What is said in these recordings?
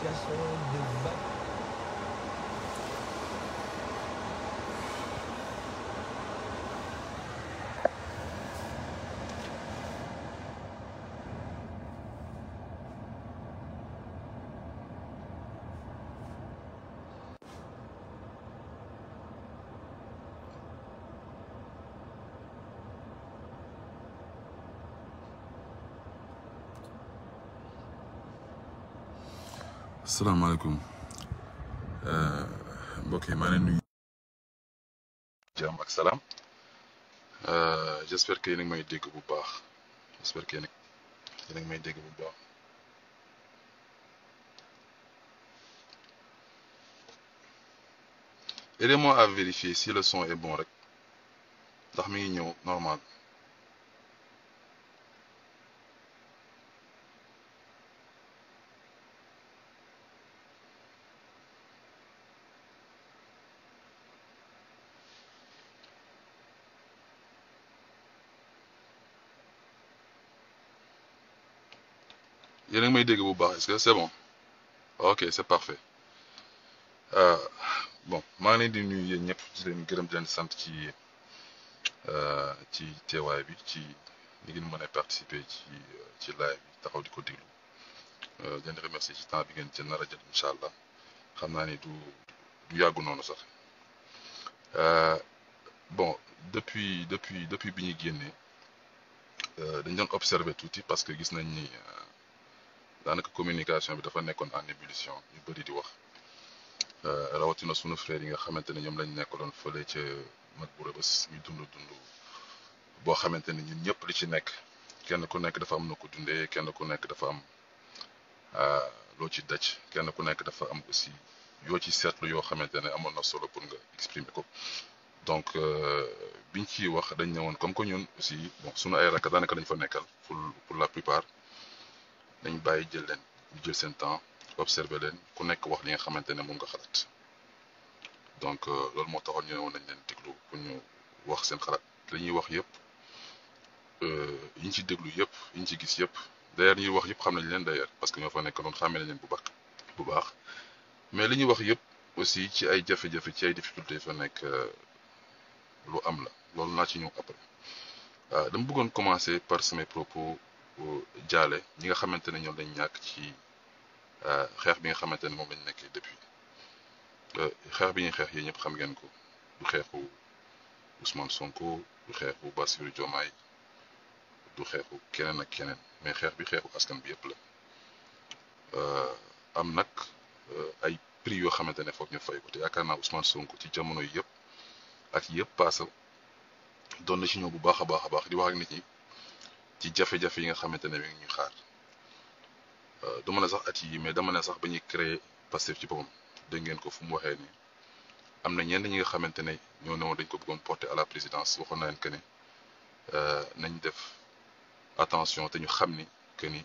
situation asalaamaaleykum eh, mbokk yi maa ngi nuyu jàmm ak salaam eh, j'espère que yéen a ngi bu baax j'espère que yéen a ngi bu baax aidez-moi à vérifier si le son est bon rek ndax mi ngi ñëw normal dégg bu baax est-ce que c'est bon ok c'est parfait euh, bon maa ngi leen di nuyu yéen ñëpp di leen gërëm di sant ci euh, ci teewaay bi ci ni ngeen mën a participer ci live taxaw di ko déglu euh, di leen ci temps bi ngeen ci nar a jël allah xam naa ni du du yàggu noonu sax bon depuis depuis depuis bi ñu génnee dañ doon observer tuuti parce que gis nañ daanaka communication bi dafa nekkoon en ébullition ñu bëri di wax euh, rawatina sunu frère yi nga xamante ne ñoom lañ nekkaloon fële ca mag bu rëbës ñu dund dund boo xamante ne ñëpp li ci nekk kenn ku nekk dafa am na ko dundee kenn ku nekk dafa am euh, loo ci daj kenn ku nekk dafa am aussi yoo ci seetlu yoo xamante ne amoon na solo pour nga exprimer ko donc euh, biñ ciy wax dañ ne woon comme que ñun aussi bon sunu ay rakk daanaka lañ fa nekkal pour pour la plupart nañ bàyyi jël leen jël seen temps observer leen ku nekk wax li nga xamante ne moom nga xalaat donc euh, loolu moo taxoon ñu woon nañ leen déglu pour ñu wax seen xalaat li ñuy wax yëpp euh, yi ñu ci déglu yëpp yi ci gis yëpp d'ailleurs ñuy wax yëpp xam nañ leen d'ailleurs parce que ñoo fa nekk noonu xàmmee nañ leen bu baax bu baax mais li ñuy wax yëpp aussi ci ay jafe-jafe ci ay difficultés fa nekk euh, lu am la loolu naa ci ñëw après dam bëggoon commencer par samay propos. ko jaale ñi nga xamante ne ñoom lañ ñàkk ci euh, xeex bi nga xamante ne moom lañ nekkee depuis euh, xeex bi ñuy xeex yéen ñëpp xam ngeen ko du xeexu Ousmane Sonko du xeexu Bassirou Diomaye du xeexu keneen ak keneen mais xeex bi xeexu askan bi yëpp la euh, am nag ay prix yoo xamante ne foog ñu fay ko te yaakaar naa Ousmane Sonko ci jamono yi yëpp ak yëpp paasa doon na ci ñëw bu baax a baax a baax di wax ak nit ñi. ci jafe-jafe yi nga xamante ne mi ngi ñuy xaar euh, du ma ne sax at yi mais dama ne sax ba ñuy créé Pastef ci boppam dégg ngeen ko fu mu waxee nii am na ñenn ñi nga xamante ne ñoo ne dañ ko bëggoon porter à présidence waxoon na leen que euh, nañ def attention te xam ni que ni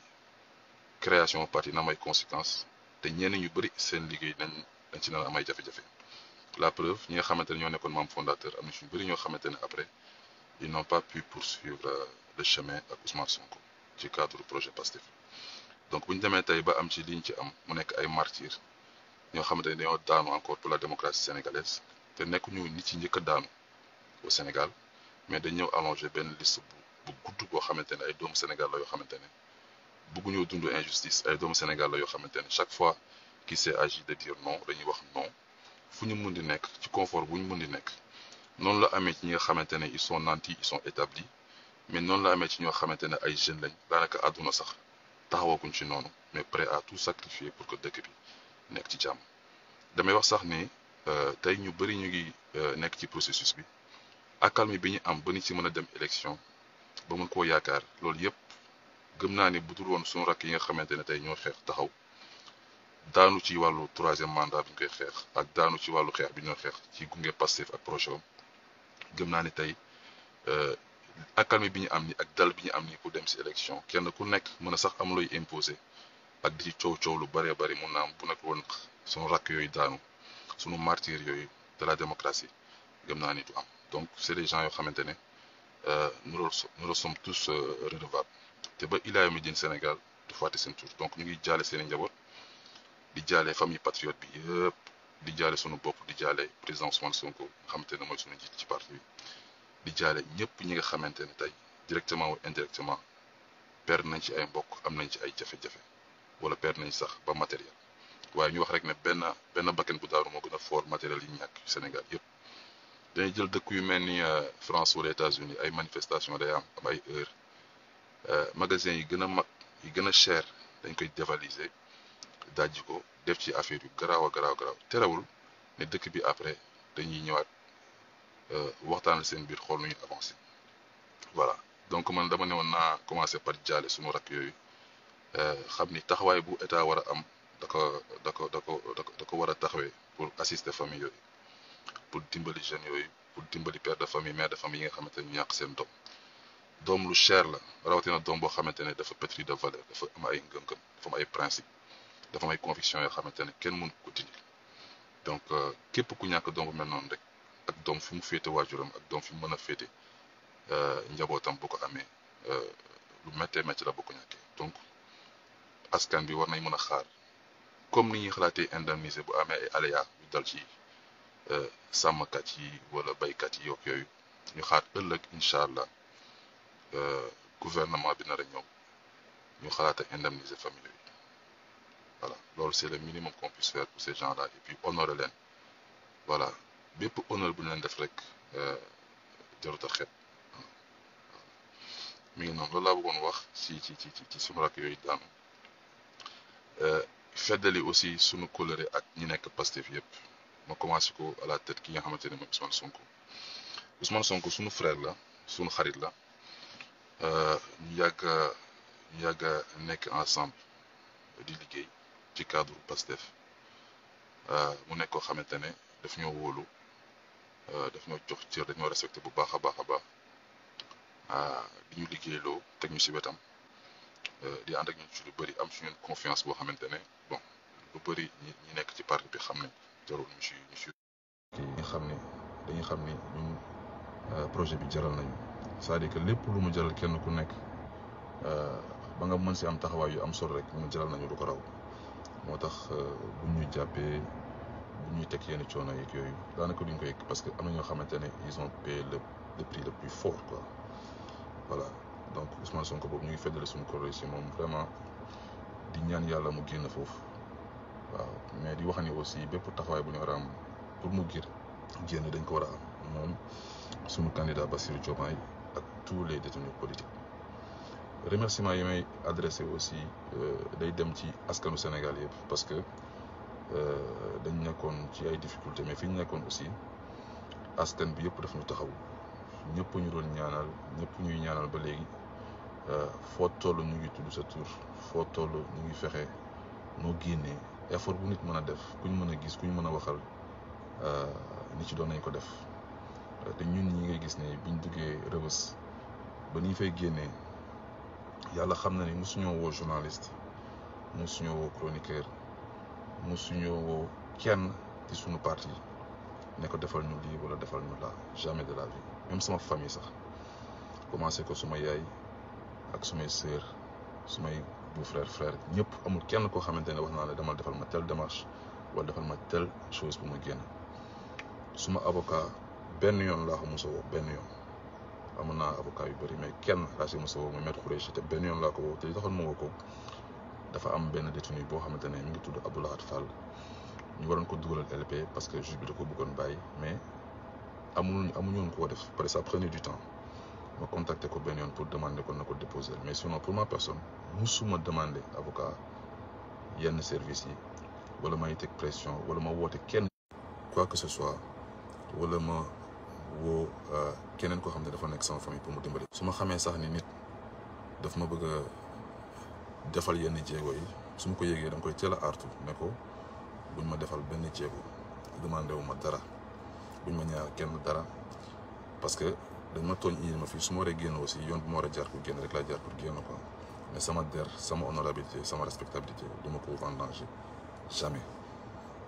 création parti na am ay conséquences te ñenn ñu bëri seen liggéey dañ dañ ci naan am ay jafe la preuve ñi nga xamante ne ñoo nekkoon membre fondateur am na suñu bëri ñoo xamante ne après ils n'ont pas pu poursuivre. Euh, le chemin ak Ousmane ko ci cadre projet Pastef donc bu ñu demee tey ba am ci liñ ci am mu nekk ay martyrs ñoo xamante ne dañoo daanu encore pour la démocratie sénégalaise te nekku ñu nit ci njëkk a daanu au Sénégal mais dañ ñëw allongé benn liste bu gudd boo xamante ne ay doomu Sénégal la yoo xamante ne bëgguñoo dund injustice ay doomu Sénégal la yoo xamante ne chaque fois qu'il agi de dire non dañuy wax non fu ñu mun di nekk ci confort bu ñu mun di nekk noonu la amee ñi nga xamante ne ils sont nantis ils sont établis. mais noonu la amee ci ñoo xamante ne ay jeunes lañ daanaka àdduna sax taxawaguñ ci noonu mais prêt à tout sacrifier pour que dëkk bi nekk ci jàmm damay wax sax ni euh, tey ñu bëri ñu ngi euh, nekk ci processus bi accalmie bi ñu am ba ni ci mën a dem élection ba mën koo yaakaar loolu yëpp gëm naa ni bu dul woon suñu rakk yi nga xamante ne tey ñoo xeex taxaw daanu ci wàllu troisième mandat bi ñu koy xeex ak daanu ci wàllu xeex bi ñoo doon xeex ci gunge Pastef ak projet gëm naa ni tey euh, ak accalmie bi ñu am ni ak dal bi ñu am ni pour dem si élection kenn ku nekk mën a sax am looy imposé ak di ci coow coow lu bëree bëri mun naa am bu nekk woon sunu rakk yooyu daanu sunu martyr yooyu de la démocratie gëm naa nit am donc c'est des gens yoo xamante ne euh, nous nous sommes tous euh, redevables te ba ilaa mi din Sénégal du fàtte seen tur donc ñu ngi jaale seen njaboot di jaale famille patriote bi yëpp di jaale sunu bopp di jaale président Ousmane Sonko nga xamante ne mooy sunu njiit ci parti bi. di jaale ñëpp ñi nga xamante ne tey directement ou indirectement perdre nañ ci ay mbokk am nañ ci ay jafe-jafe wala perdre nañ sax ba matériel waaye ñu wax rek ne benn benn bakkan bu daaru moo gën a matériel yi ñàkk Sénégal yëpp dañuy jël dëkk yu mel ni euh, France wala États-Unis ay manifestation day am am ay heure euh, magasin yi gën a mag yi gën a cher dañ koy dévaliser dajji ko def ci affaire yu garaaw a garaaw garaaw terewul ne dëkk bi après dañuy ñëwaat Euh, waxtaan seen biir xool nu ñuy avancé voilà donc man dama ne woon naa commencé par jaale suma rakk yooyu euh, xam ni taxawaay bu état war a am da ko da ko da ko da ko war a taxawee pour assister famille yooyu pour dimbali jeune yooyu pour dimbali père de famille mère de famille yi nga xamante ne ñàkk seen doom doom lu cher la rawatina doom boo xamante ne dafa pétri de valeur dafa am ay ngëm-ngëm dafa am ay principe dafa am ay conviction yoo xamante ne kenn mënu ko dindi donc euh, képp ku ñàkk doom mel noonu rek. ak doom fu mu féete waajuram ak doom fi mu mën a féete euh, njabootam bu ko amee euh, lu méttee métti la bu ko ñàkkee donc askan bi war nañ mën a xaar comme ni ñuy xalaatee indemniser bu amee ay aléas yu dal ci euh, sàmmkat yi wala baykat yi yook yooyu ñu xaar ëllëg incha allah gouvernement bi nar a ñëw ñu xalaat a indemniser famille yi voilà loolu c'est le minimum qu'on puisse faire pour ces gens-là et puis honorer leen voilà bépp honneur bu ñu leen def rek euh, jarut a xeeb mi ngi noonu loolu laa bëggoon wax si ci ci ci suñu rakk yooyu daanu euh, feddali aussi sunu colère ak ñu nekk Pastef yëpp ma commencé ko à la tête ki nga xamante ne mooy Ousmane Sonko Ousmane Sonko suñu frère la suñu xarit la euh, ñu yàgg ñu yàgg a nekk ensemble di liggéey ci cadre Pastef mu nekk koo xamante ne daf ñoo wóolu. Euh, daf ñoo jox cër dañoo respecté bu baax a baax a baax ah, di ñu liggéeyloo teg ñu si wetam euh, di ànd ak ñun ci lu bëri am suñu confiance boo xamante ne bon lu bëri ñi nekk ci parti bi xam ne jarul ñu si ñu si nga xam ne dañu xam ni euh, projet bi jaral nañu sa à lépp lu mu jaral kenn ku nekk ba nga mën si am taxawaay yu am solo rek mu jaral nañu lu ko raw moo tax bu ñu jàppee. bu ñuy teg yenn coono yeeg yooyu daanaka duñ ko yëg parce que am na ñoo xamante ne ils ont payé le le le plus fort quoi voilà donc Ousmane Sonko boobu ñu ngi feddale suñu koro moom vraiment di ñaan yàlla mu génn foofu waaw mais di wax ni aussi bépp taxawaay bu ñu war a am pour mu gir génn dañ ko war a am moom suñu candidat Bassirou Diomaye ak tous les détenus politiques remerciement yi may adressé aussi euh, day dem ci askanu Sénégal yëpp parce que Euh, dañ nekkoon ci ay difficulté mais fi ñu nekkoon aussi askan bi yëpp daf ñu taxaw ñëpp ñu doon ñaanal ñëpp ñuy ñaanal ba léegi euh, foo toll ñu ngi tudd sa tur foo toll ñu ngi fexe noo génnee effort bu nit mën a def kuñ mën a gis kuñ mën a waxal euh, ni ci doon nañ ko def te ñun ñi ngay gis ne biñ duggee rëbës ba ni fay génnee yàlla xam na ni mosuñoo woo mu mosuñoo woo chroniqueur musuñoo woo kenn ci suñu parti ne ko defal ñu lii wala defal ñu laa jamais de la vie même sama famille sax commencé ko suma yaay ak sumay sœur sumay bu frère frère ñëpp amul kenn koo xamante ne wax naa ne demal defal ma telle démarche wala defal ma telle chose bu ma génn suma avocat benn yoon laa ko mos woo benn yoon amoon naa avocat yu bëri mais kenn laa si mos a woo muy maître Khoureychi te benn yoon laa ko woo te li taxoon ma woo ko dafa am benn détenu boo xamante ne mi ngi tudd Abdou Lahad Fall ñu waroon ko dugalal LP parce que juge bi da ko bëggoon bàyyi mais amu amuñu woon koo def parce que ça prenait du temps ma contacté ko benn yoon pour demander ko na ko déposer mais sinon pour ma personne musuma demander avocat yenn service yi wala may teg pression wala ma woote kenn quoi que ce soit wala ma woo euh, keneen koo xam ne dafa nekk sama famille pour mu dimbali. su ma xamee sax ni nit daf ma bëgg defal yenn jéego yi su ma ko yëgee danga koy teel a artu ne ko buñ ma defal benn jéego demandé wu ma dara buñ ma ñaar kenn dara parce que dañ ma tooñ indi ma fii su ma waree génn aussi yoon bu ma war a jaar pour génn rek laa jaar ko génn quoi mais sama der sama honorabilité sama respectabilité du ma ko en danger jamais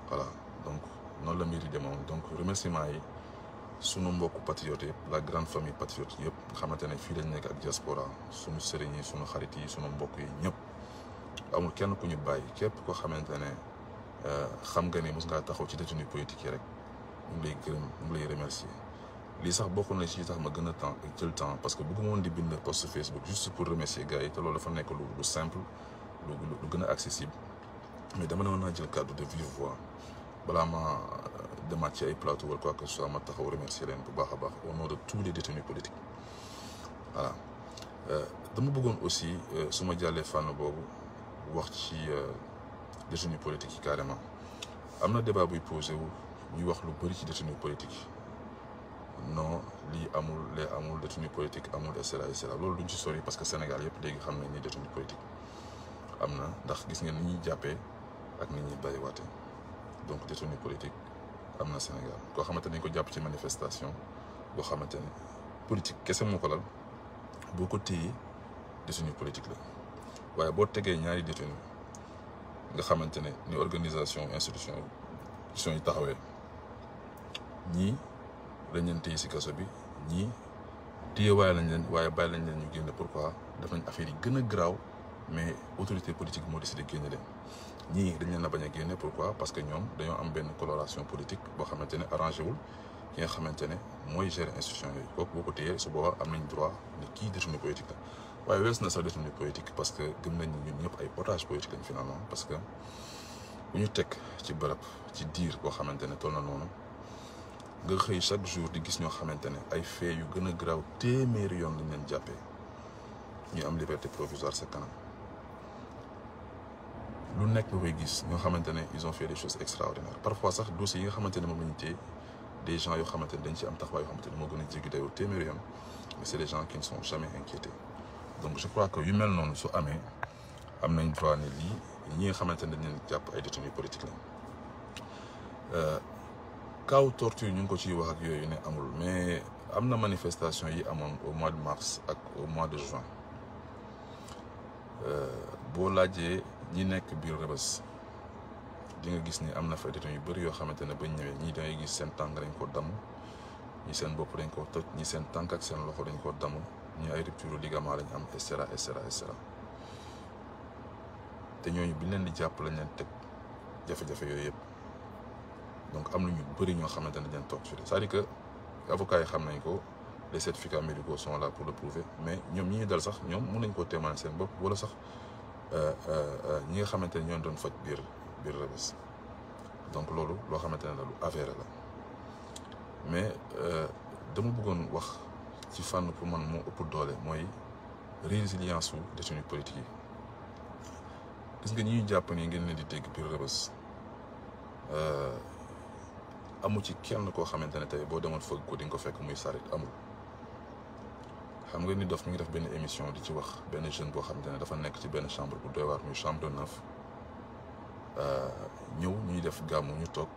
voilà donc noonu la mbir yi demoon donc remerciement yi sunu mbokku patriote yëpp la grande famille patriote yëpp xamante ne fii lañ nekk ak diaspora sunu sëriñ yi sunu xarit yi sunu mbokk yi ñëpp amul kenn ku ñu bàyyi képp koo xamante ne euh, xam nga ne mus ngaa taxaw ci détenu politique yi rek ñu ngi lay gërëm ñu ngi lay remercier lii sax bokk na ci tax ma gën a temps jël temps parce que bëgguma woon di bind post Facebook juste pour remercier gars yi te loolu dafa nekk lu lu simple lu lu gën a accessible mais dama ne woon naa jël kàddu de vive balaa ma euh, demaat ci ay plateau wala quoi que ma taxaw remercier leen bu baax a baax au nom de tous les détenus politiques voilà euh, dama aussi su ma jàllee fànn boobu. wax ci euh, détenu politique yi carrément am na débat buy posé wu ñuy wax lu bëri ci détenu politique non lii amul lee amul détenu politique amul et cetera et cetera loolu duñ ci sori parce que Sénégal yëpp léegi xam nañ ni détenu politique am na ndax gis ngeen ni ñuy jàppee ak ni ñuy bàyyiwaatee donc détenu politique am na Sénégal koo xamante ne ko jàpp ci manifestation boo xamante ne politique kese moo ko lal boo ko téye détenu politique la. waaye boo tegee ñaari détenu nga xamante ne ni organisation institution institution yi taxawee ñii dañ leen téye si kaso bi ñii téye waaye lañ leen waaye bàyyi lañ leen ñu génne pourquoi def nañ affaire yi gën garaaw mais autorité politique moo ñii dañ leen a bañ a génne pourquoi parce que ñoom dañoo am benn coloration politique boo xamante ne arrangé wul ki nga xamante ne mooy gérer institution yi kooku boo ko téyee su boobaa am nañ droit ne kii détenu politique la waaye wees na sax détenu politique parce que gëm nañ ñun ñëpp ay otage politique lañ finalement parce que bu ñu teg ci bërëb ci diir boo xamante ne toll na noonu nga xëy chaque jour di gis ñoo xamante ne ay fee yu gën a garaaw téeméeri yoon lañ leen jàppee ñu am liberté provisoire sa kanam lu nekk nga koy gis ñoo xamante ils ont fait des choses extraordinaires parfois sax dossiers yi nga xamante moom la ñu des gens yoo xamante ne ci am taxawaay a jéggi dayoo téeméeri yoon mais c'est des gens qui ne donc je crois que yu mel noonu su amee am nañ droit ne lii ñi nga xamante ne dañ leen jàpp ay détenus politique lañ kaw euh, torture ñu ngi ko ciy wax ak yooyu ne amul mais am na manifestation yi amoon au mois de mars ak au mois de juin euh, boo laajee ñi nekk biir Rebeuss di nga gis ni am na fa détenus yu bëri yoo xamante ne bañ ñëwee ñii dangay gis seen tànk dañ ko damm ñi seen bopp dañ ko toj ñi seen tànk ak seen loxo dañ koo damm ñu ay rupture ligament lañu am et cetera et cetera te ñooñu bi ñu leen di jàpp lañ teg jafe-jafe yooyu yëpp donc am na ñu ñoo xamante ne dañ toog sur cest que avocats yi xam nañ ko le certificats médicaux son la pour le prouver mais ñoom ñi ñu dal sax ñoom mun nañ koo témoigner seen bopp wala sax euh, euh, euh, ñi nga xamante ne ñoo doon faj biir biir Rebeuss donc loolu loo xamante ne la lu avéré la mais dama buggoon wax. ci fànn pour man moo ëpp doole mooy résilience su détenu politique yi gis nga ñuy jàpp ni ngeen leen di dégg biir rëbës euh, amu ci kenn koo xamante ne tey boo demoon fëgg ko di nga ko fekk muy sarit amul xam nga ni dof mi ngi def benn émission di ci wax benn jeune boo xamante ne dafa nekk ci benn chambre bu doy waar muy chambre neuf euh, ñëw ñuy def gàmmu ñu toog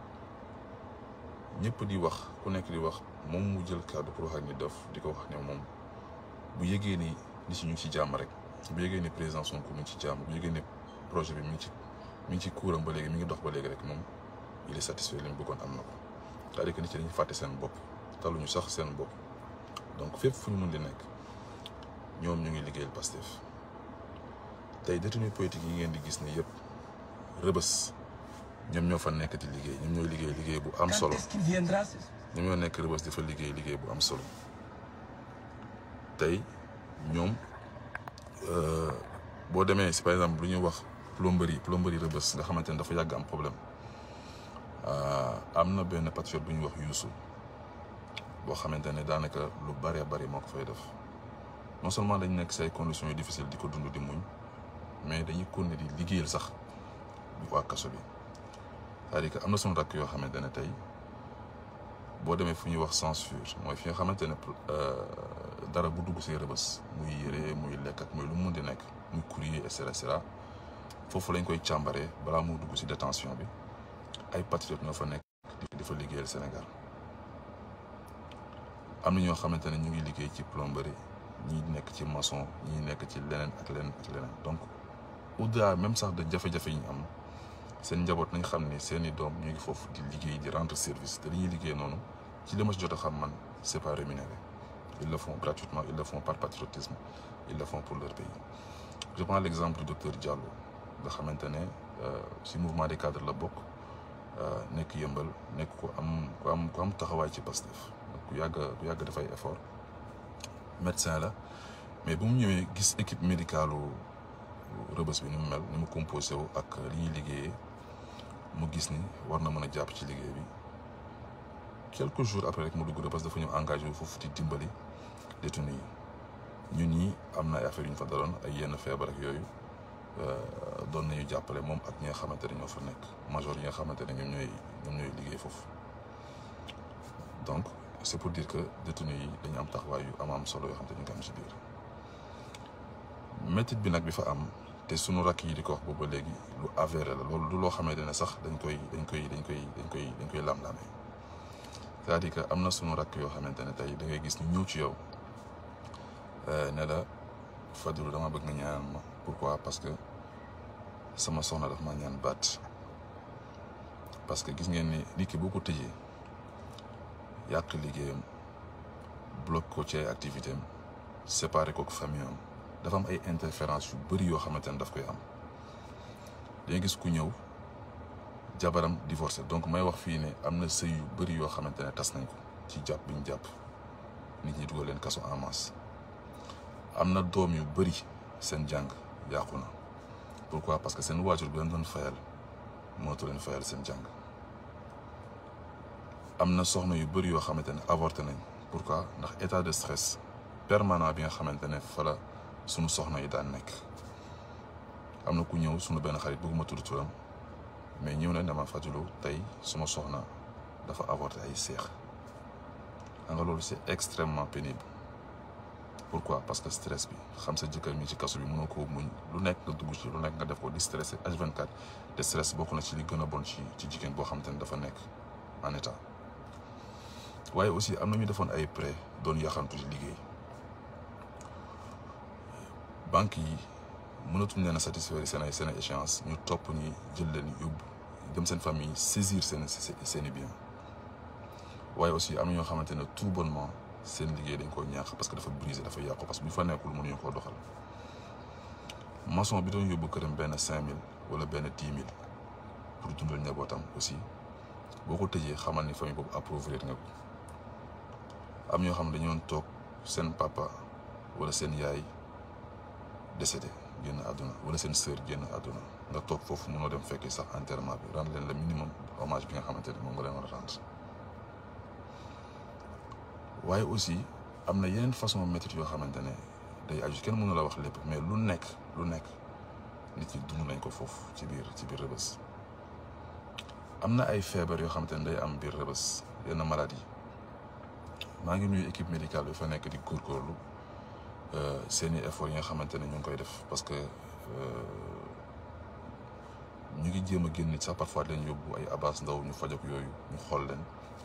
ñëpp di wax ku nekk di wax moom mu jël kàddu pour wax ak ñu def di ko wax ne moom bu yëgee ni nit ñi ñu ci jàmm rek bu yëgee ni président mu mi ngi ci jàmm bu yëgee ni projet bi mi ngi ci mu ngi ci kuuram ba léegi mi ngi dox ba léegi rek moom il est satisfait li mu bëggoon am na ko c'est-à-dire nit ñi fàtte seen bopp ñu sax seen bopp donc fépp fu ñu mën di nekk ñoom ñu ngi liggéeyal Pastef tey détenu politique yi ngeen di gis nii yëpp rëbës. ñoom ñoo fa nekk di liggéey ñoom ñoo liggéey liggéey bu am solo ñoom ñoo nekk Rebeuss di fa liggéey liggéey bu am solo tey ñoom euh, boo demee si par exemple lu ñuy wax plomberie plomberie Rebeuss nga xamante ne dafa yàgg am problème euh, am na benn pâtissier bu ñu wax Youssou boo xamante ne daanaka lu bëree bëri moo ko fay def non seulement dañ nekk say conditions yu difficile di ko dund di muñ mais dañuy continuer di liggéeyal sax waa kaso bi. cest à am na suñu rakk yoo xamante ne tey boo demee fu ñuy wax censure mooy fi nga xamante ne euh, dara bu dugg si rëbës muy yére muy lekk ak muy lu mu mun di nekk muy courrier et cetera foofu lañ koy càmbaree balaa mu dugg si détention bi ay patriotes ñoo fa nekk di fa liggéeyal Sénégal am na ñoo xamante ne ñu ngi liggéey ci plomberie ñi nekk ci maçon ñi nekk ci leneen ak leneen donc au-delà même sax de jafe-jafe yi am. seen njaboot nañ xam ne seeni doom ñu ngi foofu di liggéey di rendre service te li ñuy liggéey noonu ci li ma si jot a xam man c'est pas rémunéré ils le font gratuitement ils le par patriotisme ils le font pour leur pays je prends l'exemple du nga xamante ne euh, si mouvement des cadres la bokk euh, nekk yëmbal nekk ko am ku am ku am taxawaay ci Pastef ku yàgg ku yàgg dafay effort médecin la mais bu mu ñëwee gis équipe médicalu rëbës bi ni mu mel ni mu composé wu ak li ñuy liggéeye mu gis ni war na mën a jàpp ci liggéey bi quelques jours après rek mu dugg parce que dafa ñëw engagé wu foofu di dimbali détenu yi ñu ñi am na ay affaire ñu fa daloon ay yenn feebar ak yooyu euh, doon nañu jàppale moom ak ñi nga xamante ne ñoo fa nekk major yi nga xamante ne ñoom ñooy ñoom ñooy liggéey foofu donc c'est pour dire que détenu yi dañu am taxawaay yu am am solo yoo xam te ñu ngi am si biir métit bi nag bi fa am. te suñu rakk yi di ko wax booba léegi lu avéré la loolu du loo xamante ne sax dañ koy dañ koy dañ koy dañ koy dañ koy lam-lame am na suñu rakk yoo xamante ne tey dangay ngay gis ñu ñëw ci yow euh, ne la Fadilou dama bëgg nga ñaanal ma pourquoi parce que sama soxna daf ma ñaan baat parce que gis ngeen ni nit ki boo ko tëjee yàq liggéeyam bloqué ko ci ay activité am séparé ko ak dafa am ay interférence yu bëri yoo xamante ne daf koy am dañuy gis ku ñëw jabaram divorcé donc may wax fii ne am na sëy yu bëri yoo xamante ne tas nañ ko ci jàpp bi ñu jàpp nit ñi dugal leen kaso en masse am na doom yu bëri seen jàng yàqu na pourquoi parce que seen waajur bi leen doon fayal moo mootu leen fayal seen jàng am na soxna yu bëri yoo xamante ne avorté nañ pourquoi ndax état de stress permanent bi nga xamante ne fa sunu soxna yi daan nekk am na ku ñëw sunu benn xarit bëgguma tudd turam mais ñëw na dama fajulu tey suma soxna dafa avorté ay seex xam nga loolu c'est extrêmement pénible pourquoi parce que stress bi xam sa jëkkër mi ci kaso bi mënoo ko muñ lu nekk nga dugg ci lu nekk nga def ko di stressé H24 te stress bokk na ci li gën a bon ci ci jigéen boo xam te ne dafa nekk en état waaye aussi am na ñu defoon ay prêt doon yaxantu ci liggéey banque yi mënatuñ leen a satisfaire seen ay seen ñu topp ñu jël leen yóbbu dem seen famille saisir seen seen i waaye aussi am na ñoo xamante ne tout bonement seen liggéey dañ ko ñàkk parce que dafa brisé dafa yàqu parce que bu fa nekkul mënuñu koo doxal maçon bi doon yóbbu këram benn cinq mille wala benn dix mille pour dundal njabootam aussi boo ko tëjee xamal ni famille boobu appauvrir nga am ñoo xam ne dañu toog seen papa wala seen yaay. décédé génn àdduna wala seen sœur génn àdduna nga toog foofu mënoo dem fekkee sax enterrement bi rendre leen le minimum hommage bi nga xamante ne moom nga leen war a waaye aussi am na yeneen façon méthode yoo xamante ne day aju kenn mënu la wax lépp mais lu nekk lu nekk nit ñi dund nañ ko foofu ci biir ci biir rëbës am na ay feebar yoo xamante ne day am biir rëbës yenn maladie maa ngi nuyu équipe médicale bi fa nekk di góorgóorlu Euh, seeni effort yi nga xamante ne ñu ngi koy def parce que euh, ñu ngi jéem a génn nit sax parfois leen yóbbu ay abbas ndaw ñu fajok yooyu ñu xool leen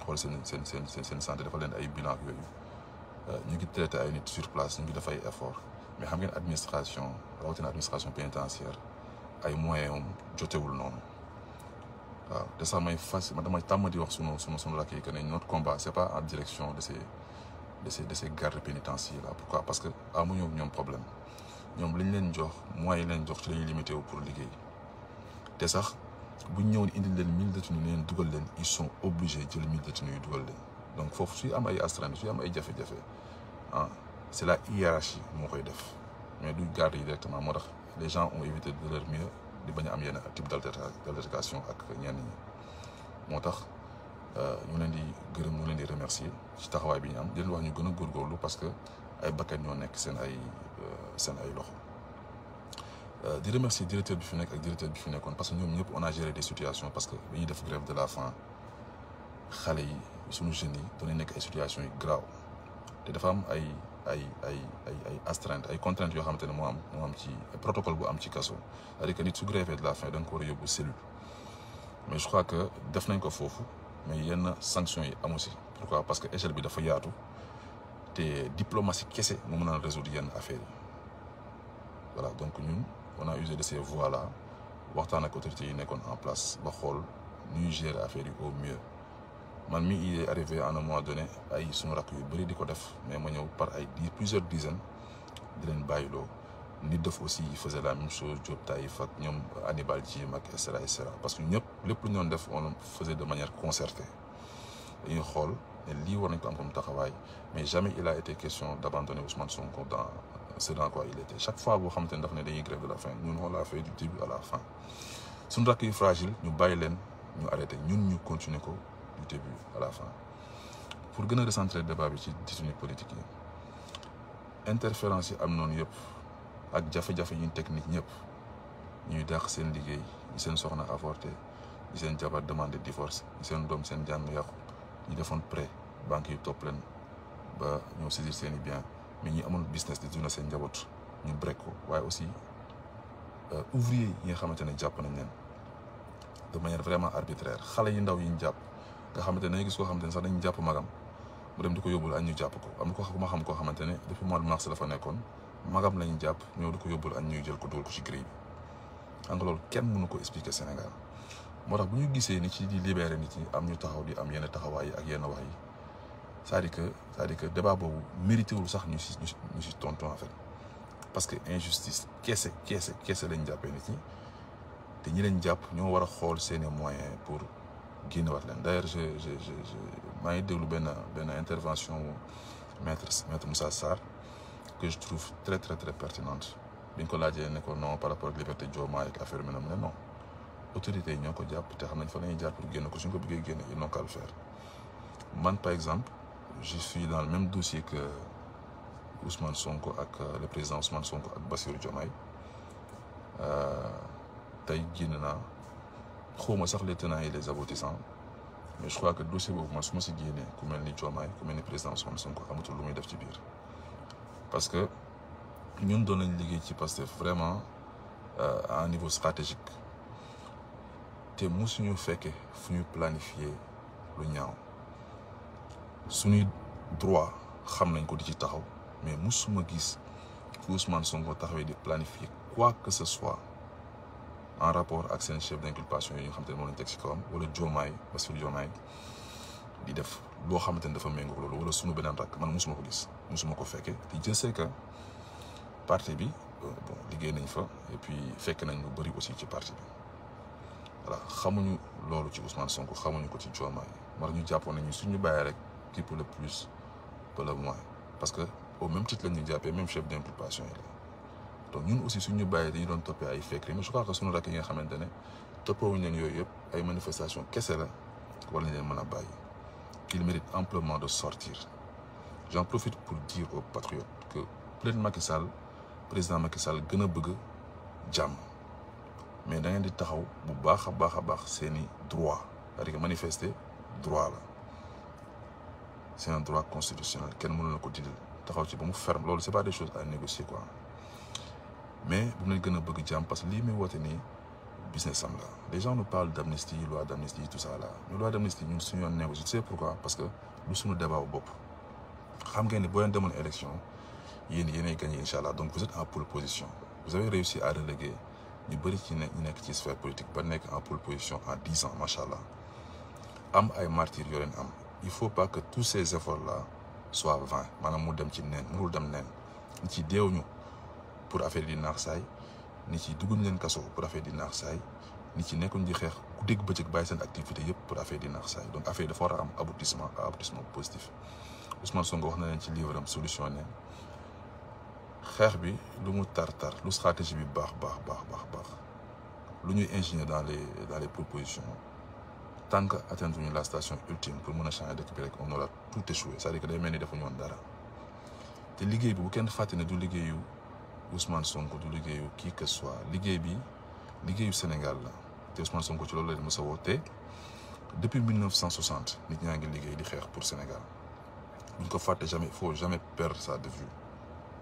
xool seen seen seen seen santé dafa leen ay bilan yooyu euh, ñu ngi traité ay nit sur place ñu ngi def ay effort mais xam ngeen administration rawatina administration pénitentiaire ay moyens am jotewul noonu waaw te sax may fas ma damay tàmm di wax sunu sunu sunu lakk yi que ne notre combat c'est pas en direction de ces de ces de ces gardes pénitentiaires là pourquoi parce que amuñu ñoom problème ñoom liñ leen jox moyens yi leen jox ci lañuy limité wu pour liggéey te sax buñ ñëwoon indi leen mille détenus leen dugal leen ils sont obligés jël mille détenus yu dugal leen donc foofu suy am ay astreinte suy am ay jafe-jafe ah c'est la hiérarchie moo koy def mais du garde yi directement moo tax les gens ont évité de leur mieux di bañ a am yenn type d'altercation ak ñenn ñi moo tax. Euh, ñu leen di gërëm ñu leen di remercier ci taxawaay bi ñu am di leen ñu gën a góorgóorlu parce que ay bakkan ñoo nekk seen ay euh, seen ay loxo. Euh, di remercier directeur bi fi nekk ak directeur bi fi nekkoon parce que ñoom ñëpp on a géré des situations parce que bi ñuy def grève de la faim xale yi suñu jeunes yi dañuy nekk ay situations yu grave te dafa am ay ay ay ay ay astreinte ay contraintes yoo xamante ne moo am moo am ci protocole bu am ci kaso c'est-à-dire que nit su grève de la faim da nga ko cellule mais je crois que def nañ ko foofu. mais yenn sanction yi amu si pourquoi parce que échelle bi dafa yaatu te diplomatie kese mu mën a yenn affaires yi voilà donc ñun on a usé de ces voies là waxtaan ak autorités yi nekkoon en place ba xool ñuy gérer affaire yi au mieux man mi il est arrivé à un moment donné ay suñu rakk yu bëri di ko def mais ma ñëw par ay dix plusieurs dizaines di leen bàyyiloo def aussi il faisait la même chose Diop Taïf ak ñoom Hannibal Djim ak et cetera parce que ñëpp lépp lu ñu doon def on le de manière concertée dañuy xool ne lii war nañ ko am comme taxawaay mais jamais il a été question d'abandonner Ousmane Sonko dans ce dans il était chaque fois boo xamante ne daf ne dañuy grève de la faim ñun on l'a fait du début à la fin suñu rakk yi fragile ñu bàyyi leen ñu arrêté ñun ñu continuer ko du début à la fin pour gën a recentrer de bi ci détenus politiques yi yi am noonu yëpp ak jafe-jafe ñun technique ñëpp ñuy dàq seen liggéey ñi seen soxna avorté ñi seen jabar demandé divorce ñi seen doom seen jàng yàqu ñu defoon prêt banque yu topp leen ba ñoo saisir seen i bien mais ñi amoon business di dund seen njaboot ñu break ko waaye aussi euh, ouvrier yi nga xamante ne jàpp nañ leen de manière vraiment arbitraire xale yi ndaw yi ñu jàpp nga xamante ne gis koo xamante ne sax dañu jàpp magam mu dem di ko yóbbul añ ñu jàpp ko am na ko ma xam koo xamante ne mois de mars la fa nekkoon magam lañu jàpp ñoo du ko yóbbul añ ñuy jël ko dugal ko ci grille bi xam loolu kenn mënu ko expliquer Sénégal moo tax bu ñu gisee ni ci di libéré nit ñi am ñu taxaw di am yenn taxawaay ak yenn wax yi cest à que c'est-à-dire que débat boobu mérité wul sax ñu si ñu si tontu en fait parce que injustice keese keese keese lañ jàppee nit ñi te ñi leen jàpp ñoo war a xool seeni moyens pour génn waat leen d'ailleurs je je je maa ngi déglu benn benn intervention maître maître Moussa Sarr. que je trouve très très très pertinente bi ñu ko laajee ne ko non par rapport ak liberté Diomaye ak affaire bi na mu ne non autorités yi ñoo ko jàpp te xam nañ fa la ñuy jaar pour génn ko suñ ko bëggee génne ils n'ont qu'à le faire man par exemple je suis dans le même dossier que Ousmane Sonko ak euh, le président Ousmane Sonko ak Bassirou Diomaye euh, tey génn naa xawma sax les tenants et les aboutissants mais je crois que dossier boobu man su ma si génnee ku mel ni Diomaye ku mel ni président Ousmane Sonko amatul lu muy def ci biir. parce que ñun doon nañ liggéey ci Pastef vraiment euh, à un niveau stratégique te musuñu fekkee fu ñu planifier lu ñaaw suñuy droit xam nañ ko di ci taxaw mais musuma gis fu Ousmane Sonko taxawee di planifier quoi que ce soit en rapport ak seen chef d'inculpation yi nga xam te ne moom lañ teg ci kawam wala Diomaye Bassirou Diomaye di def boo xamante ne dafa méngoo loolu wala sunu beneen rakk man musuma ko gis musuma ko fekkee te je sais parti bi euh, bon liggéey nañ fa et puis fekk nañ lu bëri aussi ci parti bi voilà xamuñu loolu ci Ousmane Sonko xamuñu ko ci Diomaye mar ñu jàppoon nañu suñu bàyyee rek qui peut le le moins parce que au même titre la ñuy jàppee même chef d'inculpation yi la donc ñun aussi suñu bàyyee dañu doon toppee ay fekk mais je crois que suñu rakk yi nga xamante ne toppewuñu leen yooyu yëpp ay manifestation kese la war nañ mën a bàyyi il mérite amplement de sortir. J'en profite pour dire aux patriotes que plein Macky Sall président Macky Sall gën a bëgg jàmm mais da ngeen di taxaw bu baax a baax a baax seeni droit parce que manifester droit la c'est un droit constitutionnel kenn mënu la ko dindil taxaw si ba mu ferme loolu c'est pas des choses à négocier quoi mais bu mu leen gën a bëgg jàmm parce que lii muy woote nii business am la les gens nous parlent d'amnistie loi d'amnistie tout ça là ñu loi d'amnistie ñun suñu yoon nekku si pourquoi parce que lu suñu débat bopp xam ngeen ni boo leen demoon élection yéen yéenay gagné incha allah donc vous êtes en pole position vous avez réussi à reléguer ñu bëri ci ne ñu nekk ci sphère politique ba nekk en pole position en dix ans macha allah am ay martyrs yoo leen am il faut pas que tous ces efforts la soient vains maanaam mu dem ci neen mënul dem neen ci deewuñu pour affaire di naax saay nit yi dugguñ leen kaso pour affaire di naax saay nit yi nekkuñ di xeex ku dégg bëccëg bàyyi seen activité yëpp pour affaire di naax saay donc affaire dafa war a am aboutissement à aboutissement positif Ousmane Sonko wax na leen ci livre am solution ne xeex bi lu mu tar-tar lu stratégie bi baax baax baax baax baax lu ñuy ingénieur dans les dans les propositions tant que atteindre ñu la station ultime pour mën a changer dëkk bi rek on aura tout échoué c'est-à-dire que day mel ni defuñu woon dara te liggéey bi kenn fàtte ne du liggéeyu. Ousmane Sonko du liggéeyu kii que soit liggéey bi liggéeyu Sénégal la te Ousmane Sonko ci loolu la mos a woote depuis 1960 nit ñaa ngi liggéey di xeex pour Sénégal buñ ko fàtte jamais il faut jamais perdre ça de vue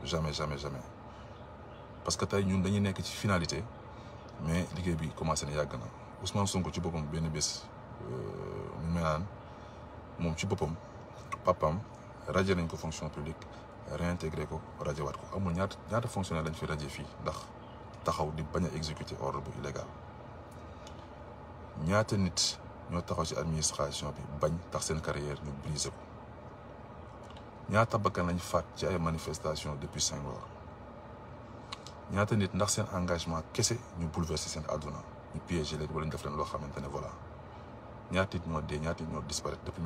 jamais jamais parce que tey ñun dañuy nekk ci finalité mais liggéey bi commencé na yàgg na Ousmane Sonko ci boppam benn bés euh, mu mel moom ci boppam papam radié nañ ko fonction publique réintégré ko rajewaat ko amul ñaata ñaata fonctionnaire lañ fi raje fii ndax taxaw di bañ a exécuter ordre bu illégal ñaata nit ñoo taxaw ci administration bi bañ tax seen carrière ñu brisé ko ñaata bakkan lañ faat ci ay manifestation depuis cinq ans ñaata nit ndax seen engagement kese ñu bouleversé seen àdduna ñu piégé leen wala ñu def leen loo xamante ne voilà ñaata nit ñoo dee ñaata nit ñoo disparaître depuis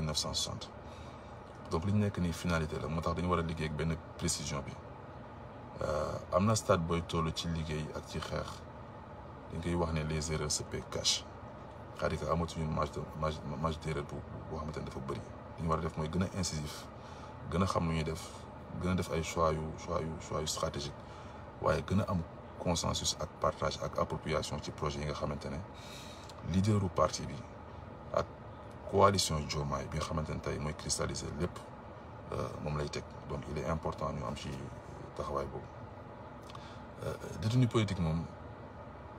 donc li ñu nekk nii finalité la moo tax dañu war a liggéey ak benn précision bi euh, am na stade booy toll ci liggéey ak ci xeex dañ koy wax ne les erreurs se paient cash c'est-à-dire que amatuñu marge marge d'erreur bu boo xamante ne dafa bëri li ñu war a def mooy gën a incisif gën a xam lu ñuy def gën a def ay choix yu choix yu choix yu stratégique waaye gën a am consensus ak partage ak appropriation ci projet yi nga xamante ne leaderu parti bi. coalition Diomaye bi nga xamante ne tey mooy cristalliser lépp euh, moom lay teg donc il est important ñu am ci taxawaay boobu euh, détenu politique moom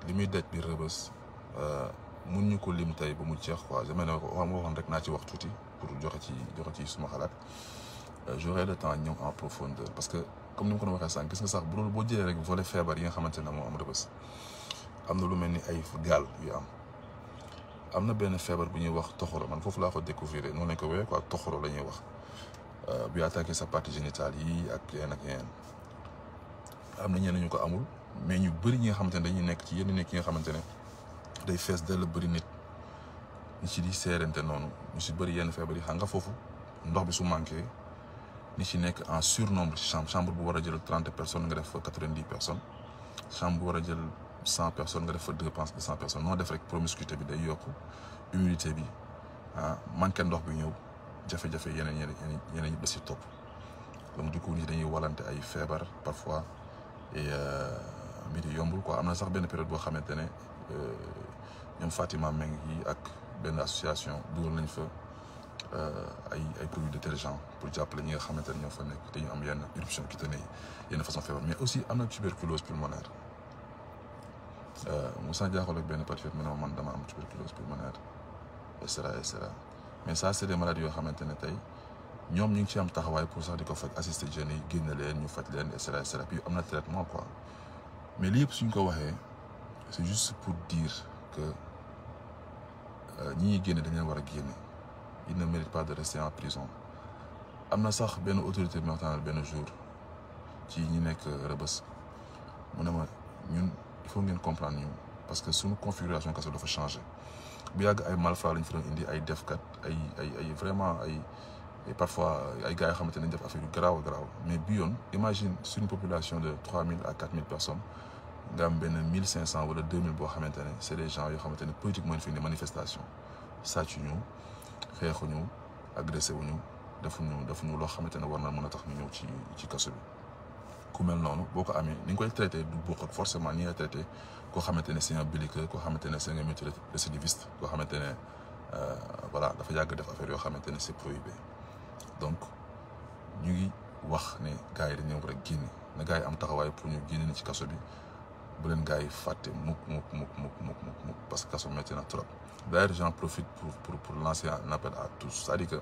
li muy daj bi rëbës euh, mun ñu ko lim tey ba mu jeex quoi je me ne ko waxoon rek naa ci wax tuuti pour joxe ci joxe ci suma xalaat j'aurai le temps ñëw en profondeur parce que comme ni ma ko doon waxee sànq nga sax bu loolu boo jëlee rek volet feebar yi nga xamante ne moo am rëbës am na lu mel ni ay gaal yu am. am na benn feebar bu ñuy wax toxoro man foofu laa ko découvrir noonu lañ ko woowee quoi toxoro la ñuy wax euh, bu attaqué sa partie génitale yi ak yeneen ak yeneen am na ñenn ñu ko amul mais ñu bëri ñi nga xamante ne dañuy nekk ci yenn nekk yi nga xamante ne day fees dell bëri nit ñi ci di seerante noonu ñu si bëri yenn feebar yi xam nga foofu ndox bi su manqué ñi ci nekk en surnombre ci chambre chambre bu war a jël trente personnes nga def fa quatre-vingt-dix personnes chambre war a jël. cent personne nga def fa deux penses de cent personnes noo def rek promiscuité bi day yokku humidité bi ah manqué ndox bi ñëw jafe-jafe yeneen yeneen yeneen yi ba si topp donc du coup nit dañuy walante ay feebar parfois et euh, mbir yi yombul ko am na sax benn période boo xamante ne euh, ñoom Fatima Meng yi ak benn association dugal nañ fa euh, ay ay produits détergents pour jàppale ñi nga xamante ne ñoo fa nekk te ñu am yenn éruption cutanée yi yenn façon feebar mais aussi am na tuberculose pulmonaire. Euh, sa Diakhol ak benn patriote mu ne man dama am tuberculose pulmonaire et cetera et cetera mais ça c'est des yoo xamante ne tey ñoom ñu ngi ci am taxawaay pour sax di ko faj assister jeunes yi génne leen ñu faj leen et cetera et cetera puis am na traitement quoi mais li yëpp suñ ko waxee c'est juste pour diir que euh, ñi ñuy génne dañ war a génne ils ne méritent pas de rester en prison am na sax benn autorité bi benn jour ci ñi nekk Rebeuss mu ne ma ñun. il ngeen comprendre ñu parce que suñu configuration kaso dafa changé bu yàgg ay malfa lañ fi doon indi ay defkat ay ay ay vraiment ay et parfois ay gars yoo xamante nañ def affaire yu mais bi yoon imagine sur une population de trois mille à quatre mille personnes nga am benn mille cinq cent wala deux mille boo xamante ne c' est des gens yoo xamante ne politique moo fi ne manifestation sàccuñu xeexuñu agressé wuñu defuñu ñu loo xamante ne war na mën a tax ñu ñëw ci ci kaso bi ku mel noonu boo ko amee ni nga koy traité du bokk ak forcément ni nga traité koo xamante ne c'est un belliqueux koo xamante ne c'est un multirécidiviste koo xamante ne euh, voilà dafa yàgg def affaire yoo xamante ne c'est prohibé donc ñu ngi wax ne gars yi dañu war a génne na yi am taxawaay pour ñu génne ci kaso bi bu leen gars yi fàtte mukk mukk mukk mukk mukk parce que kaso métti na trop. d'ailleurs j'en profite pour pour pour lancer un appel à tous c'est-à-dire que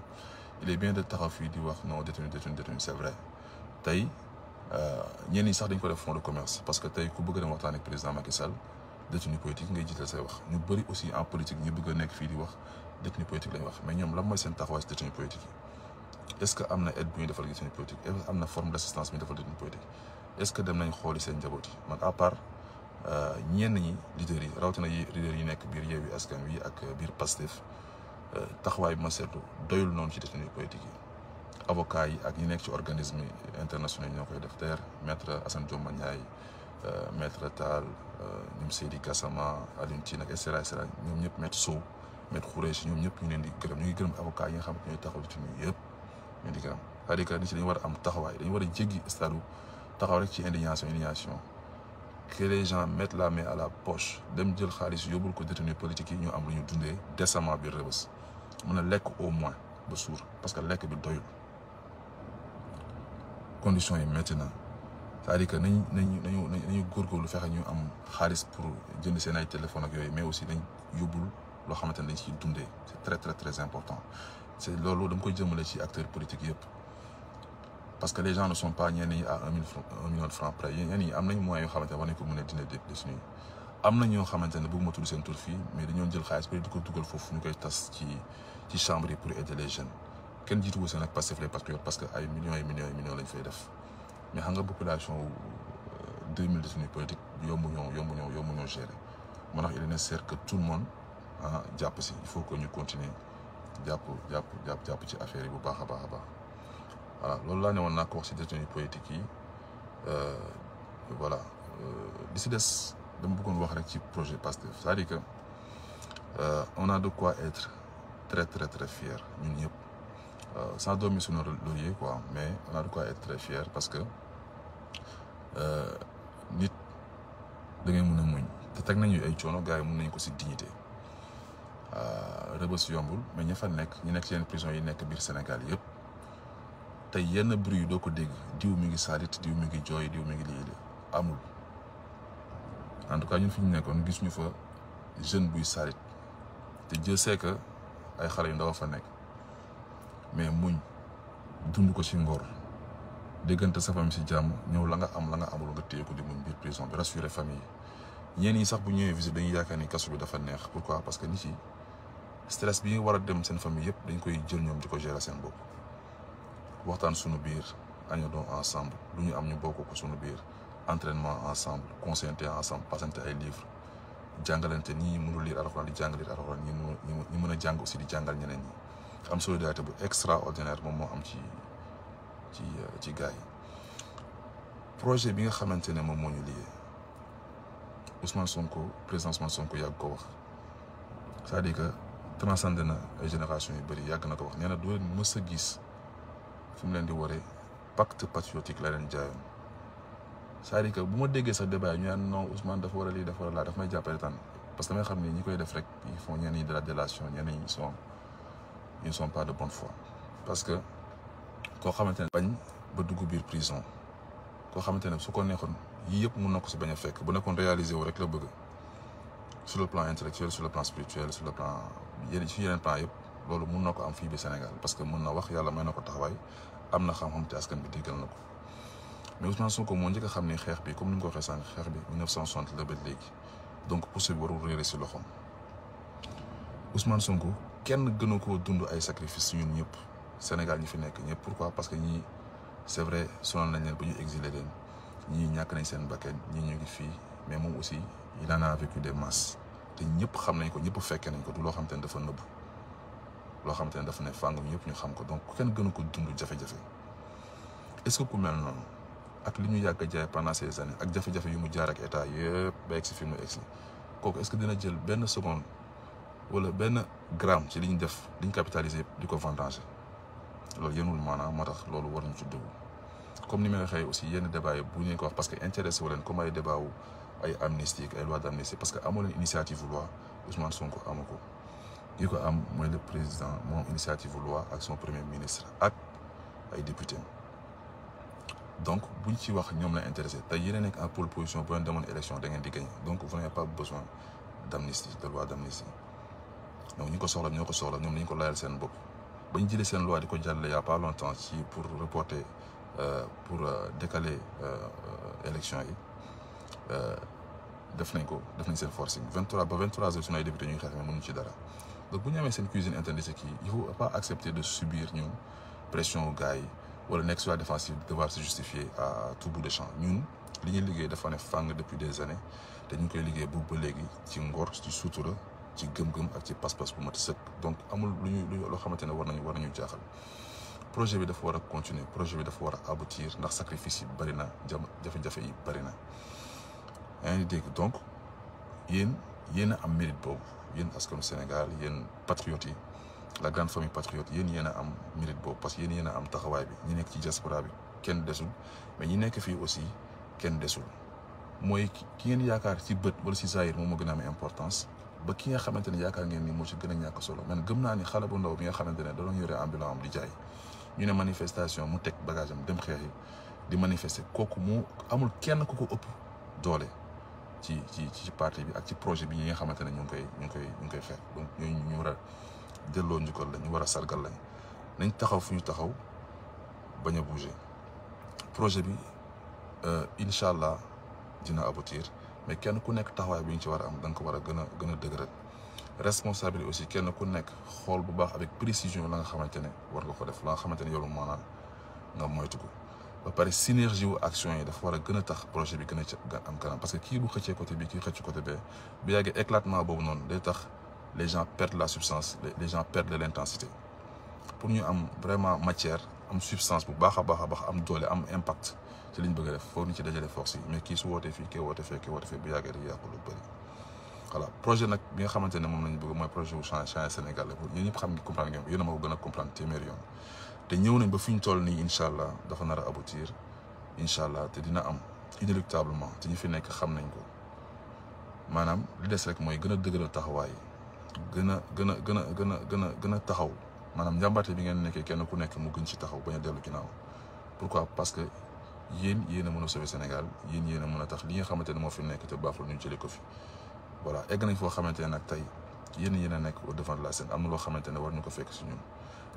il est bien de taxaw fii di wax non détenu détenu détenu tey. Euh, ñenn ñi sax dañ ko def fond de commerce parce que tey ku bëgg dem waxtaan ak président Macky Sall détenu politique ngay jiital say wax ñu bëri aussi en politique ñu bëgg a nekk fii di wax détenu politique lañ wax mais ñoom lan mooy seen taxawaay si détenu politique yi na aide dem nañ xooli seen njaboot yi man à part euh, ñenn ñi leaders yi rawatina yi leaders yi nekk biir Yewwi Askan Wi ak biir Pastef euh, taxawaay bi ma seetlu doyul noonu ci détenu politique yi. avocats yi ak ñi nekk ci organisme internationaux yi ñoo koy def d'ailleurs maître Assane Dioma Ndiaye euh, maître Tall euh, ñoom Seydi Gassama Alioune Tine ak et cetera et cetera ñoom ñëpp maître Sow maître ñoom ñëpp ñu leen di gërëm ñu ngi gërëm avocats yi nga xam ne ñooy taxaw ci ñun yëpp ñu di gërëm c'est-à-dire que nit ñi dañu war am taxawaay dañu war a jéggi stade taxaw rek ci indignation indignation les gens mettent la mais à la poche dem jël xaalis yóbbul ko détenu politique yi ñu am lu ñu dundee décemment bi Rebeuss mën a lekk au moins ba suur parce que lekk bi doyul conditions yi métti na c'est-à-dire que nañ nañ nañu nañu góorgóorlu fexe ñu am xaalis pour jënd seen ay téléphone ak yooyu mais aussi nañ yóbbul loo xamante ne dañ ciy dundee c'est très très très important c'est loolu dama koy jëmale ci acteurs politiques yépp parce que les gens ne sont pas ñenn ñi à un million de francs près ñenn ñi am nañ moyen yoo xamante ne war nañ ko mën a dinañ déglu suñuy am na ñoo xamante ne bëgguma tudd seen tur fii mais dañoo jël xaalis ba di ko dugal foofu ñu koy tas ci ci chambre yi pour aider les kenn jiituwu seen ak Pastef les patriotes parce que ay millions ay millions ay millions lañ fay nga population euh, deux mille détenus ñoo yombu ñoo yombu ñoo gérer moo tax il est que ah, jàpp si il ñu continuer jàpp jàpp jàpp jàpp ci affaire yi bu baax a baax a baax voilà loolu laa ne woon naa ko wax si détenus politiques yi euh, voilà euh, li si des dama wax rek ci projet Pastef c'est-à-dire que on a de quoi être très très très fier ñun ñëpp. sans euh, dormir sur nos lauriers quoi mais on a de quoi être fier parce que euh, nit da ngay mun a muñ te teg nañu ay coono gars yi mun nañu ko si dignité euh, rëbës yombul mais ña fa nekk ñu nekk ci yenn prison yi nekk biir Sénégal yëpp te yenn bruit yi doo ko dégg diw mi ngi saalit diw mi ngi jooy diw mi ngi lii amul en tout cas ñun fi ñu nekkoon gis ñu fa jeune buy saalit te jël sait ay xale yu ndaw fa nekk. mais muñ dund ko ci ngor déggante sa famille ci jàmm ñëw la nga am la nga amul nga téye ko di muñ biir prison bi rassurer famille yi ñeen yi sax bu ñëwee visite dañuy yaakaar ni kaso bi dafa neex pourquoi parce que nit yi stress bi war a dem seen famille yëpp dañ koy jël ñoom di ko gérer seen bopp waxtaan sunu biir añadoo ensemble lu ñu am ñu bokk ko sunu biir entraînement ensemble concentré ensemble passante ay livres jàngalante ñii mënul lire alxuraan di jàng lire alxuraan ñi mën a jàng aussi di jàngal ñeneen am solidarité bu extraordinaire moom moo am ci ci euh, ci gars yi projet bi nga xamante ne moom moo ñu lié Ousmane Sonko président Ousmane Sonko yàgg ko wax cest di dire que transcendé na ay génération yu bëri yàgg na ko wax nee na doo leen mës a gis fu mu leen di waree pacte patriotique la leen jaayoon c'est-à-dire bu ma déggee sax débat ñu naan non Ousmane dafa war a lii dafa war a laa daf may jàppale tànn parce que damay xam ne ñi koy def rek ils font ñenn ñi de la délation ñenn ñi ils ne sont pas de que koo xamante ne bañ ba dugg biir prison koo xamante ne su ko neexoon yii yëpp mun na ko si bañ a fekk bu nekkoon réaliser wu rek la bëgg sur le plan intellectuel sur le plan spirituel sur le plan yeneen ci yeneen plan yëpp loolu mun na ko am fii bi Sénégal parce que mun na wax yàlla may na ko taxawaay am na xam-xam te askan bi déggal na ko mais Ousmane Sonko moo njëkk a xam ni xeex bi comme ni nga ko waxee sànq xeex bi 1960 la ba léegi donc pousse bi warul réeré si loxoom Ousmane Sonko. kenn gënu koo dund ay sacrifice ñun ñëpp Sénégal ñu fi nekk ñëpp pourquoi parce que ñii c'est vrai sonal nañ leen ba ñu exilé leen ñii ñàkk nañ seen bakkan ñii ñu ngi fii mais moom aussi il en a vécu des masses te ñëpp xam nañ ko ñëpp fekkee nañ ko du loo xam te ne dafa nëbb loo xam te ne dafa ne fàngam ñëpp ñu xam ko donc kenn gënu ko dund jafe-jafe est-ce que ku mel noonu ak li ñu yàgg a jaay pendant ces ak jafe-jafe yu mu jaar ak état yëpp si fi mu egg si kooku est que dina jël benn seconde. wala benn gramme ci li ñu def li ñu capitalisé di ko vendanger loolu yéenul maanaam moo tax loolu war nañ ci dugg comme ni ma waxee aussi yenn débat yi bu ñu ko wax parce que intéressé wu leen comme ay débat wu ay amnistie ay loi d'amnistie parce que amoo leen initiative loi Ousmane Sonko amu ko am mooy le président moom initiative loi ak son premier ministre ak ay député donc buñ ci wax ñoom la a nekk en pole position bu leen demoon élection da ngeen di gagné donc vous n'avez pas besoin d'amnistie de loi d'amnistie donc ñu ko soxla ñoo ko soxla ñoom nañu ko layal seen bopp ba ñu jëlee seen loi di ko jàllale y' a pas longtemps ci pour reporter euh, pour euh, décaler euh, élection yi def nañ ko def nañ seen forcing 23 ba 23 heures suñu ay député ñu ngi xeex mais mënuñu ci dara donc bu ñu amee seen cuisine interne ci kii il faut pas accepter de subir ñun pression gars yi wala nekk sur la défensive devoir se justifier à tout bout de champ ñun li ñuy liggéey dafa ne fàng depuis des années te ñu ngi koy liggéey boobu ba léegi ci ngor ci sutura. ci gëm-gëm ak ci pas-pas bu mat sëkk donc amul lu ñuy lu loo xamante ne war nañu war nañu jaaxal projet bi dafa war a continuer projet bi dafa war a aboutir ndax sacrifice yi bëri na jafe-jafe yi bëri na yaa donc yéen yéen a am mérite boobu yéen askanu Sénégal yéen patriotes yi la grande famille patriote yéen yéen a am mérite boobu parce que yéen yéen a am taxawaay bi ñu nekk ci diaspora bi kenn desul mais ñi nekk fii aussi kenn desul mooy ki ngeen yaakaar ci bët wala ci zahir moom moo gën a am importance ba ki nga xamante ne yaakaar ngeen ni moo ci gën a ñàkk solo man gëm naa ni xale bu ndaw bi nga xamante ne da doon yore ambulant am di jaay ñu ne manifestation mu teg bagage am dem xeexi di manifester kooku mu amul kenn ku ko ëpp doole ci ci ci parti bi ak ci projet bi ñi nga xamante ne ñu ngi koy ñu ngi koy ñu ngi koy xeex donc ñooñu ñu war a delloo njukkal la ñu war a sargal lañ nañ taxaw fu ñu taxaw bañ a projet bi euh, incha allah dina aboutir. mais kenn ku nekk taxawaay bi ñu ci war am da ko war a gën a gën a dëgëral responsabilité aussi kenn ku nekk xool bu baax avec précision la nga xamante ne war nga ko def la nga xamante ne yoolu maanaam nga moytu ko ba pare synergie wu action yi dafa war a gën a tax projet bi gën a am kanam parce que kii bu xëccee côté bi kii xëcc côté bee bu yàggee éclatement boobu noonu day tax les gens perdent la substance les gens perdent de l'intensité pour ñu am vraiment matière am substance bu baax a baax a baax am doole am impact ci liñ bëgg a def foog ñu ci dajale force yi mais kii su wootee fii kee woote fee kee woote fee bu yàggee rek yàqu lu bëri voilà projet nag bi nga xamante ne moom lañ bëgg mooy projet wu change change Sénégal la ñun ñëpp a ma ko gën a te ñëw nañ ba fi ñu toll nii incha allah dafa nar a aboutir incha allah te dina am inéluctablement te ñu fi nekk xam nañ ko maanaam li des rek mooy gën a dëgëral taxawaay gën a gën a gën a gën a gën a gën a taxaw maanaam njàmbaate bi ngeen nekkee kenn ku nekk mu gën ci taxaw bañ a dellu ginnaaw pourquoi yéen yéen a mën a sauver Sénégal yéen yéen a mën a tax li nga xamante ne moo fi nekk te baaxul ñu jëlee ko fi voilà egg nañ foo xamante ne nag tey yéen yéen a nekk au devant de la am na loo xamante ne war ñu ko fekk si ñun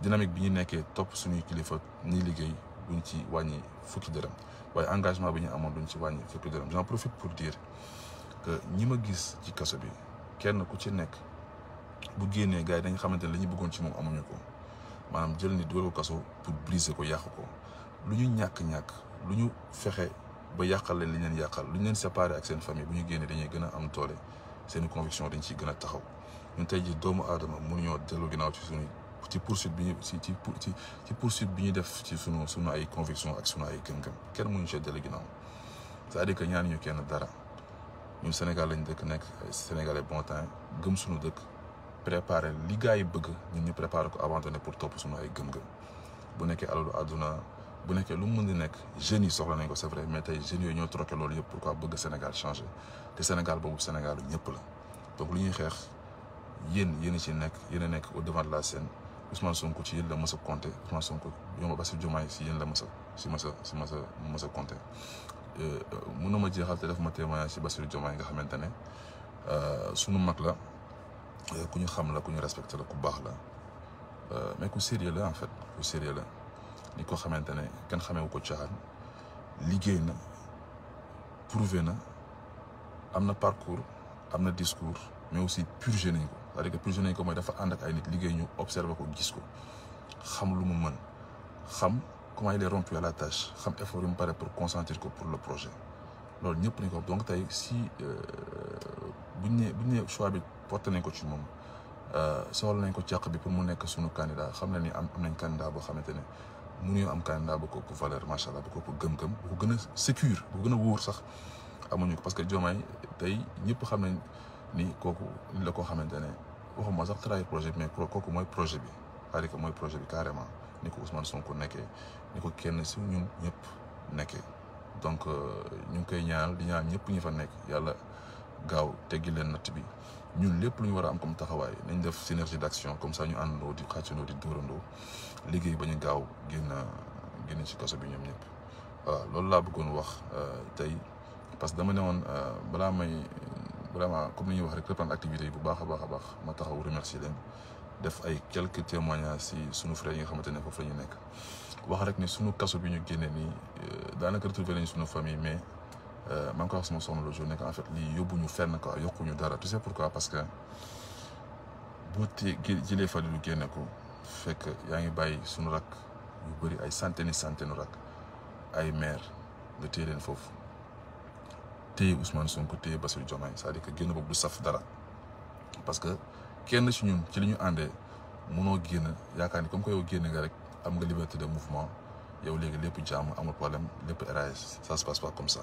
dynamique bi ñu nekkee topp suñuy kilifa ñuy liggéey duñ ci wàññi fukki dërëm waaye engagement bi ñu amoon duñ ci wàññi fukki dërëm j'en profite pour dire que ñi ma gis ci kaso bi kenn ku ci nekk bu génnee gars yi dañ xamante ne li bëggoon ci moom amuñu ko maanaam jël ni dugal ko kaso pour briser ko yàq ko lu ñu ñàkk-ñàkk lu ñu fexe ba yàqal leen li leen yàqal lu ñu leen séparer ak seen famille bu ñu génnee dañuy gën am toole seen conviction dañ ciy gën a taxaw ñun tey ji doomu aadama mënuñoo dellu ginnaaw ci suñu ci poursuite bi ñu ci ci ci poursuite bi ñu def ci sunu sunu ay conviction ak sunu ay gëm-gëm kenn mënuñu see dellu ginnaaw cest di dire que ñaan ñu kenn dara ñun Sénégal lañ dëkk nekk Sénégalais bon temps gëm suñu dëkk préparer li yi bëgg ñu ñu préparer ko abandonné pour topp suñu ay gëm-gëm bu nekkee alalu àdduna bu nekkee lu mu mën di nekk jeunes soxla nañ ko c'est vrai mais tey jeunes yooyu ñoo troqué loolu yëpp pourquoi bëgg Sénégal changé te Sénégal boobu Sénégal ñëpp la donc lu ñuy xeex yéen yéen a ci nekk yéen a nekk au devant la scène Ousmane Sonko ci yéen la mës a compté Ousmane Sonko yomb Bassirou Diomaye si yéen la mës a si mës a si mës a mës a compté euh, na ma jeexal te def ma témoignage si Bassirou Diomaye nga xamante ne euh, sunu mag la euh, ku ñu xam la ku ñu respecté la ku baax la mais ku sérieux la en fait ku sérieux la nit ko xamante ne kenn xamewu ko caaxaan liggéey na prouvé na am na parcours am na discours mais aussi purgé nañ ko c'est-à-dire nañ ko mooy dafa ànd ak ay nit liggéey ñu observé ko gis ko xam lu mu mën xam comment il est rompu à la tâche xam effort yu mu pare pour consentir ko pour le projet loolu ñëpp nañ ko donc tey si euh, buñ ne bu ne choix bi porté nañ ko ci moom euh, soxla nañ ko càq bi pour mu nekk sunu candidat xam na ni am am nañ candidat boo xamante ne mënuñoo am candidat bu ko valeur macha allah bu ko gëm-gëm bu ko gën a sécure bu ko gën a wóor sax amuñu ko parce que Diomaye tey ñëpp xam nañ ni kooku la ko xamante ne waxuma sax trahir projet bi mais kooku mooy projet bi c'est-à-dire mooy projet bi carrément ni ko Ousmane Sonko nekkee ni ko kenn si ñun ñëpp nekkee donc euh, ñu ngi koy ñaanal di ñaan ñëpp ñu fa nekk yàlla. gaaw teggi leen natt bi ñun lépp lu ñu war a am comme taxawaay nañ def synergie d'action comme ça ñu àndandoo di xàccandoo di dóorandoo liggéey ba ñu gaaw génn génn ci kaso bi ñoom ñëpp loolu laa bëggoon wax euh, tey parce que dama ne woon euh, balaa may vraiment comme ni ñuy wax rek reprendre activité bu baax a baax a baax ma taxaw remercier leen def ay quelques témoignages si sunu frères yi nga xamante ne foofu la ñu nekk wax rek ni sunu kaso bi ñu génne nii euh, daanaka retrouver lañ sunu famille mais. maa ngi ko wax sama soxna la journée que en fait lii yóbbuñu fenn ko yokkuñu dara tu sais pourquoi parce que boo tee jëlee Fadilou génne ko fekk yaa ngi bàyyi suñu rak yu bëri ay centaine centaine rak ay maire nga téye leen foofu téye Ousmane Sonko téye Bassirou Diomaye c'est-à-dire que génn boobu du saf dara parce que kenn ci ñun ci li ñu àndee mënoo génn yaakaar ni comme que yow génn nga rek am nga liberté de mouvement yow léegi lépp jàmm amul problème lépp érage ça se passe pas comme ça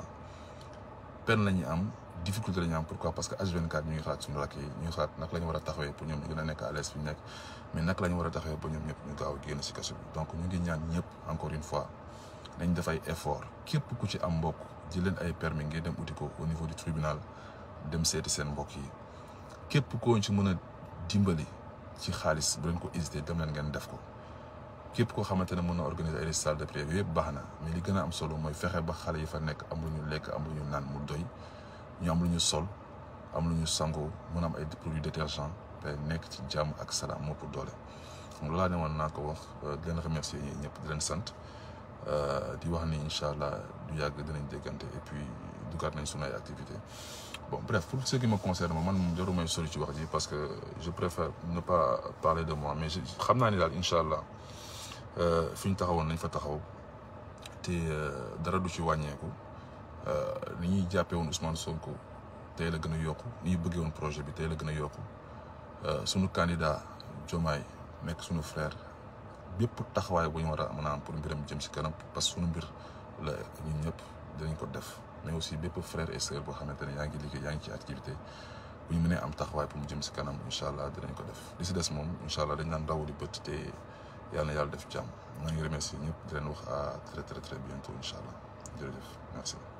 peine la ñuy am difficulté la ñuy am pourquoi parce que H24 ñu ngi suñu rakk yi ñu ngi xalaat naka war a taxawee pour ñoom ñu gën a nekk à l'aise fi ñu nekk mais naka la war a taxawee ba ñu gaaw a génn si kaso bi donc ñu ngi ñaan ñëpp encore une fois dañ def ay effort képp ku ci am mbokk ji leen ay permis ngeen dem uti ko au niveau du tribunal dem seeti seen mbokk yi képp koo ci mën a dimbali ci xaalis bu leen ko hésité dem leen ngeen def ko képp koo xamante ne mën na organiser ay salle de prière yooyu yëpp baax na mais li gën a am solo mooy fexe ba xale yi fa nekk am lu ñu lekk am lu ñu naan mu doy ñu am lu ñu sol am lu ñu sango mën am ay produits détergents ba nekk ci jàmm ak salaam moo pour doole. donc loolaa ne woon naa ko wax euh, di leen remercier ñi ñëpp di leen sant euh, di wax ni incha allah du yàgg dinañ déggante et puis dugaat nañ suma ay activités. bon bref pour ce ma me concerne man jarul may sori wax ji parce que je préfère ne pas parler de xam naa ni daal incha allah. Euh, fi ñu taxawoon nañ fa taxaw te euh, dara du ci wàññeeku euh, ni ñuy jàppee woon Ousmane Sonko tey la gën a yokk ni ñu bëggee projet bi tey la gën a yokku sunu candidat Diomaye nekk sunu frère bépp taxawaay bu ñu war a am pour mbiram jëm si kanam parce que sunu mbir la ñu ñëpp dinañ ko def mais aussi bépp frère et boo xamante ne yaa ngi liggéey yaa ngi ci activité bu ñu mënee am taxawaay pour mu jëm si kanam incha allah dinañ ko def li si des moom incha allah dañ naan rawali bët yàlla na yàlla def jàmm maa ngi remercier ñëpp di leen wax à très très très bientôt incha allah jërëjëf merci.